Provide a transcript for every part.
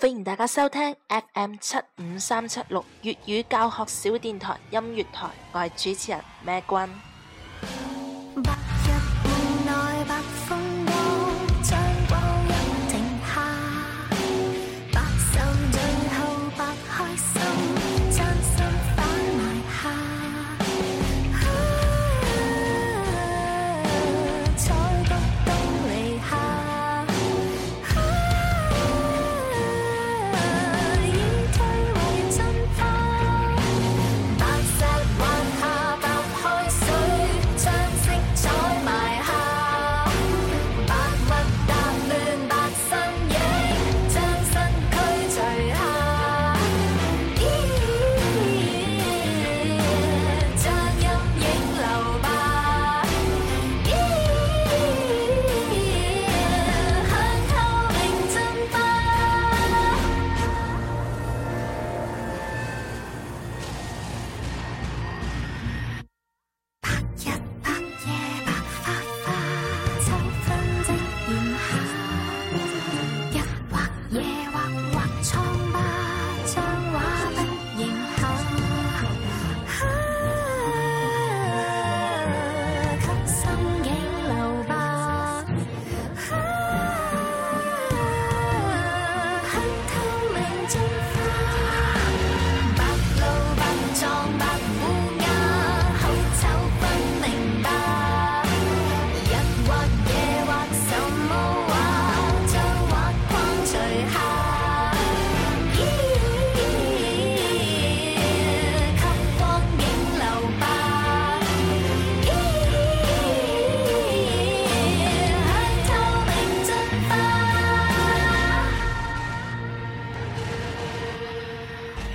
歡迎大家收聽 FM 七五三七六粵語教學小電台音樂台，我係主持人咩君。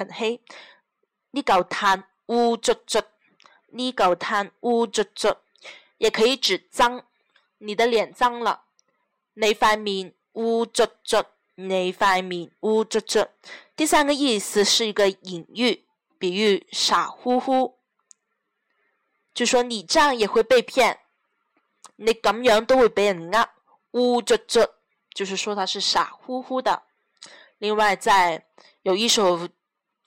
很黑，呢嚿炭烏卒卒，呢嚿炭烏卒卒，也可以指髒，你的臉髒啦，你塊面烏卒卒，你塊面烏卒卒。第三個意思是一個隱喻，比喻傻乎乎，就說你這樣也會被騙，你咁樣都會俾人呃烏卒卒，就是說他是傻乎乎的。另外在有一首。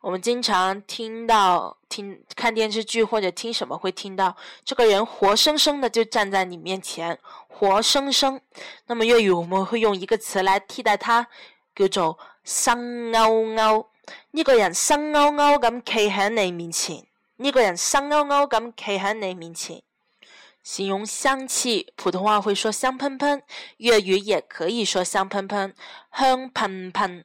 我們經常聽到聽看電視劇或者聽什麼，會聽到這個人活生生的就站在你面前，活生生。那麼粵語我們會用一個詞來替代它，叫做“生勾勾”。呢個人生勾勾咁企喺你面前，呢個人生勾勾咁企喺你面前。形容香氣，普通話會說香噴噴，粵語也可以說香噴噴、香噴噴。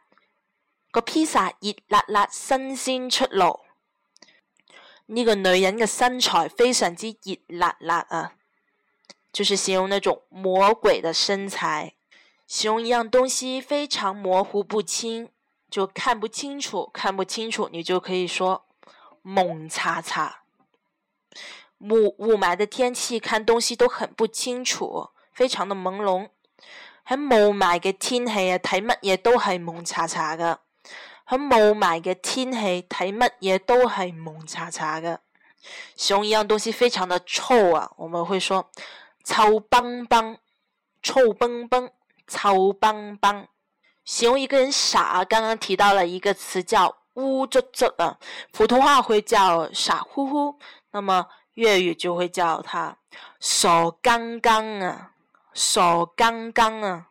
個披薩熱辣辣身心出，新鮮出爐。呢個女人嘅身材非常之熱辣辣啊！就是形容那種魔鬼的身材。形容一樣東西非常模糊不清，就看不清楚，看不清楚，你就可以說朦查查。霧霧霾的天氣，看東西都很不清楚，非常的朦朧。喺霧霾嘅天氣啊，睇乜嘢都係朦查查㗎。喺霧霾嘅天氣，睇乜嘢都係朦查查嘅。形容一樣東西非常的臭啊，我們會說臭崩崩、臭崩崩、臭崩崩。形容一個人傻，剛剛提到了一個詞叫烏卒卒啊，普通話會叫傻乎乎，那麼粵語就會叫他傻更更啊，傻更更啊。